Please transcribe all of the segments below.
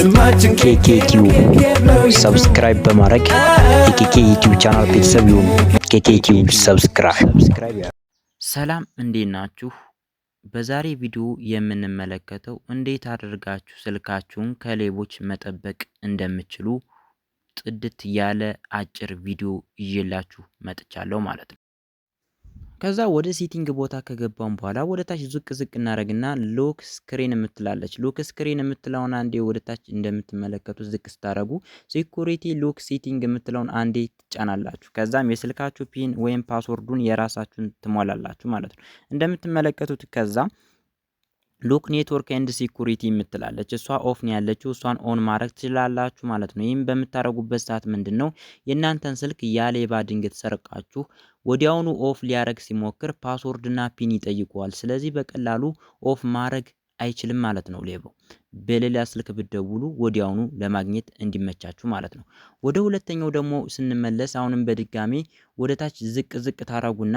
ስማችን ኬኬ ቲዩ ሰብስክራይብ በማድረግ የኬኬ ዩቲዩብ ቻናል ቤተሰብ ይሁኑ። ኬኬ ቲዩ ሰብስክራይብ። ሰላም እንዴት ናችሁ? በዛሬ ቪዲዮ የምንመለከተው እንዴት አድርጋችሁ ስልካችሁን ከሌቦች መጠበቅ እንደምችሉ ጥድት ያለ አጭር ቪዲዮ ይዤላችሁ መጥቻለሁ ማለት ነው። ከዛ ወደ ሴቲንግ ቦታ ከገባን በኋላ ወደ ታች ዝቅ ዝቅ እናደረግና ሎክ ስክሪን የምትላለች ሎክ ስክሪን የምትለውን አንዴ ወደ ታች እንደምትመለከቱት ዝቅ ስታደረጉ ሴኩሪቲ ሎክ ሴቲንግ የምትለውን አንዴ ትጫናላችሁ። ከዛም የስልካችሁ ፒን ወይም ፓስወርዱን የራሳችሁን ትሞላላችሁ ማለት ነው እንደምትመለከቱት ከዛ ሉክ ኔትወርክ ኤንድ ሲኩሪቲ የምትላለች እሷ ኦፍ ነው ያለችው። እሷን ኦን ማድረግ ትችላላችሁ ማለት ነው። ይህም በምታደረጉበት ሰዓት ምንድን ነው የእናንተን ስልክ ያሌባ ድንገት ሰርቃችሁ ወዲያውኑ ኦፍ ሊያደረግ ሲሞክር ፓስወርድና ፒን ይጠይቀዋል። ስለዚህ በቀላሉ ኦፍ ማድረግ አይችልም ማለት ነው። ሌባው በሌላ ስልክ ብደውሉ ወዲያውኑ ለማግኘት እንዲመቻችሁ ማለት ነው። ወደ ሁለተኛው ደግሞ ስንመለስ አሁንም በድጋሜ ወደ ታች ዝቅ ዝቅ ታረጉና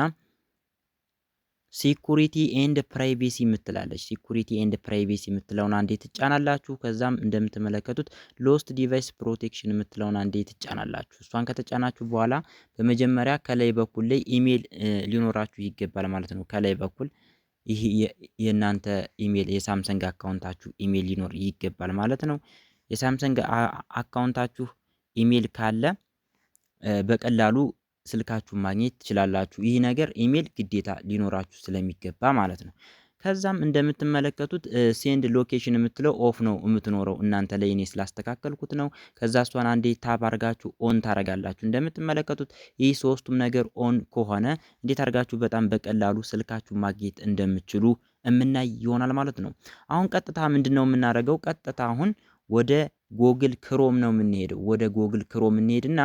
ሲኩሪቲ ኤንድ ፕራይቬሲ የምትላለች ሲኩሪቲ ኤንድ ፕራይቬሲ የምትለውን አንዴ ትጫናላችሁ። ከዛም እንደምትመለከቱት ሎስት ዲቫይስ ፕሮቴክሽን የምትለውን አንዴ ትጫናላችሁ። እሷን ከተጫናችሁ በኋላ በመጀመሪያ ከላይ በኩል ላይ ኢሜይል ሊኖራችሁ ይገባል ማለት ነው። ከላይ በኩል ይህ የእናንተ ኢሜይል የሳምሰንግ አካውንታችሁ ኢሜይል ሊኖር ይገባል ማለት ነው። የሳምሰንግ አካውንታችሁ ኢሜይል ካለ በቀላሉ ስልካችሁን ማግኘት ትችላላችሁ። ይህ ነገር ኢሜል ግዴታ ሊኖራችሁ ስለሚገባ ማለት ነው። ከዛም እንደምትመለከቱት ሴንድ ሎኬሽን የምትለው ኦፍ ነው የምትኖረው እናንተ ላይ እኔ ስላስተካከልኩት ነው። ከዛ እሷን አንዴ ታብ አርጋችሁ ኦን ታረጋላችሁ። እንደምትመለከቱት ይህ ሶስቱም ነገር ኦን ከሆነ እንዴት አርጋችሁ በጣም በቀላሉ ስልካችሁ ማግኘት እንደምችሉ የምናይ ይሆናል ማለት ነው። አሁን ቀጥታ ምንድን ነው የምናደርገው? ቀጥታ አሁን ወደ ጎግል ክሮም ነው የምንሄደው። ወደ ጎግል ክሮም እንሄድና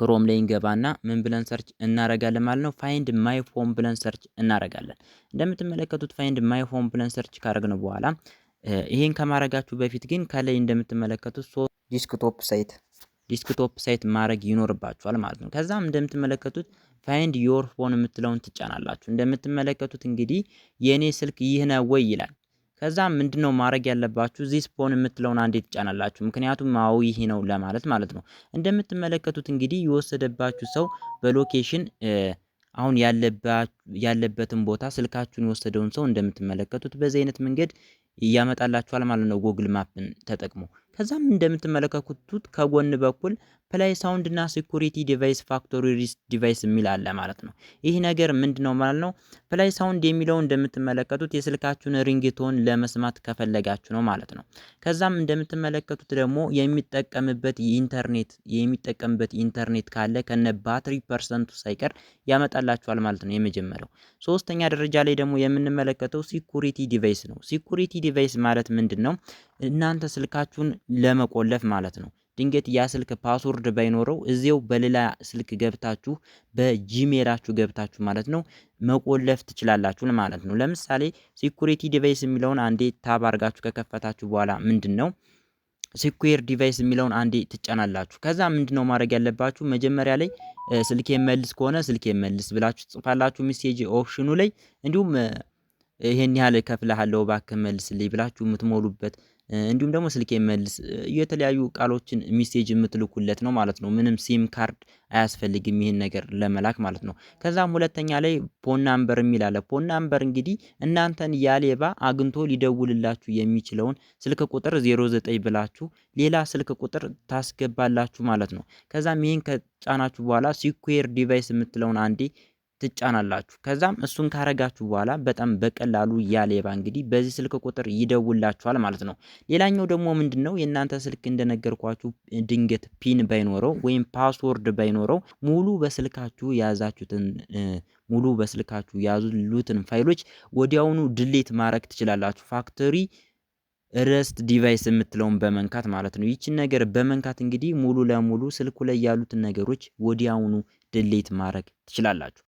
ክሮም ላይ እንገባና ምን ብለን ሰርች እናረጋለን ማለት ነው። ፋይንድ ማይ ፎን ብለን ሰርች እናረጋለን። እንደምትመለከቱት ፋይንድ ማይ ፎን ብለን ሰርች ካረግነው በኋላ ይሄን ከማረጋችሁ በፊት ግን ከላይ እንደምትመለከቱት ሶስት ዲስክቶፕ ሳይት ዲስክቶፕ ሳይት ማድረግ ይኖርባችኋል ማለት ነው። ከዛም እንደምትመለከቱት ፋይንድ ዮር ፎን የምትለውን ትጫናላችሁ። እንደምትመለከቱት እንግዲህ የእኔ ስልክ ይህ ነው ወይ ይላል። ከዛ ምንድነው ማድረግ ያለባችሁ ዚስ ስፖን የምትለውን አንዴ ትጫናላችሁ። ምክንያቱም አዎ ይሄ ነው ለማለት ማለት ነው። እንደምትመለከቱት እንግዲህ የወሰደባችሁ ሰው በሎኬሽን አሁን ያለበትን ቦታ ስልካችሁን የወሰደውን ሰው እንደምትመለከቱት በዚህ አይነት መንገድ ያመጣላችኋል ማለት ነው፣ ጎግል ማፕን ተጠቅሞ ከዛም እንደምትመለከቱት ከጎን በኩል ፕላይ ሳውንድ እና ሴኩሪቲ ዲቫይስ ፋክቶሪ ሪስክ ዲቫይስ የሚል አለ ማለት ነው። ይህ ነገር ምንድነው ማለት ነው? ፕላይ ሳውንድ የሚለው እንደምትመለከቱት የስልካችሁን ሪንግቶን ለመስማት ከፈለጋችሁ ነው ማለት ነው። ከዛም እንደምትመለከቱት ደግሞ የሚጠቀምበት ኢንተርኔት የሚጠቀምበት ኢንተርኔት ካለ ከነ ባትሪ ፐርሰንቱ ሳይቀር ያመጣላችኋል ማለት ነው። የመጀመሪያው ሶስተኛ ደረጃ ላይ ደግሞ የምንመለከተው ሲኩሪቲ ዲቫይስ ነው። ሲኩሪቲ ዲቫይስ ማለት ምንድን ነው? እናንተ ስልካችሁን ለመቆለፍ ማለት ነው። ድንገት ያ ስልክ ፓስወርድ ባይኖረው እዚው በሌላ ስልክ ገብታችሁ በጂሜላችሁ ገብታችሁ ማለት ነው መቆለፍ ትችላላችሁ ማለት ነው። ለምሳሌ ሲኩሪቲ ዲቫይስ የሚለውን አንዴ ታብ አድርጋችሁ ከከፈታችሁ በኋላ ምንድን ነው ሴኩር ዲቫይስ የሚለውን አንዴ ትጫናላችሁ። ከዛ ምንድነው ማድረግ ያለባችሁ መጀመሪያ ላይ ስልክ መልስ ከሆነ ስልክ መልስ ብላችሁ ትጽፋላችሁ ሜሴጅ ኦፕሽኑ ላይ እንዲሁም ይሄን ያህል ከፍልሃለሁ እባክህ መልስልኝ ብላችሁ የምትሞሉበት እንዲሁም ደግሞ ስልክ የመልስ የተለያዩ ቃሎችን ሚሴጅ የምትልኩለት ነው ማለት ነው። ምንም ሲም ካርድ አያስፈልግም ይህን ነገር ለመላክ ማለት ነው። ከዛም ሁለተኛ ላይ ፖናምበር ናምበር የሚል አለ። ፎን ናምበር እንግዲህ እናንተን ያሌባ አግንቶ አግኝቶ ሊደውልላችሁ የሚችለውን ስልክ ቁጥር 09 ብላችሁ ሌላ ስልክ ቁጥር ታስገባላችሁ ማለት ነው። ከዛም ይህን ከጫናችሁ በኋላ ሲኩዌር ዲቫይስ የምትለውን አንዴ ትጫናላችሁ። ከዛም እሱን ካረጋችሁ በኋላ በጣም በቀላሉ ያሌባ እንግዲህ በዚህ ስልክ ቁጥር ይደውላችኋል ማለት ነው። ሌላኛው ደግሞ ምንድን ነው የእናንተ ስልክ እንደነገርኳችሁ ድንገት ፒን ባይኖረው ወይም ፓስወርድ ባይኖረው ሙሉ በስልካችሁ የያዛችሁትን ሙሉ በስልካችሁ ያዙሉትን ፋይሎች ወዲያውኑ ድሌት ማድረግ ትችላላችሁ ፋክቶሪ ረስት ዲቫይስ የምትለውን በመንካት ማለት ነው። ይችን ነገር በመንካት እንግዲህ ሙሉ ለሙሉ ስልኩ ላይ ያሉትን ነገሮች ወዲያውኑ ድሌት ማድረግ ትችላላችሁ።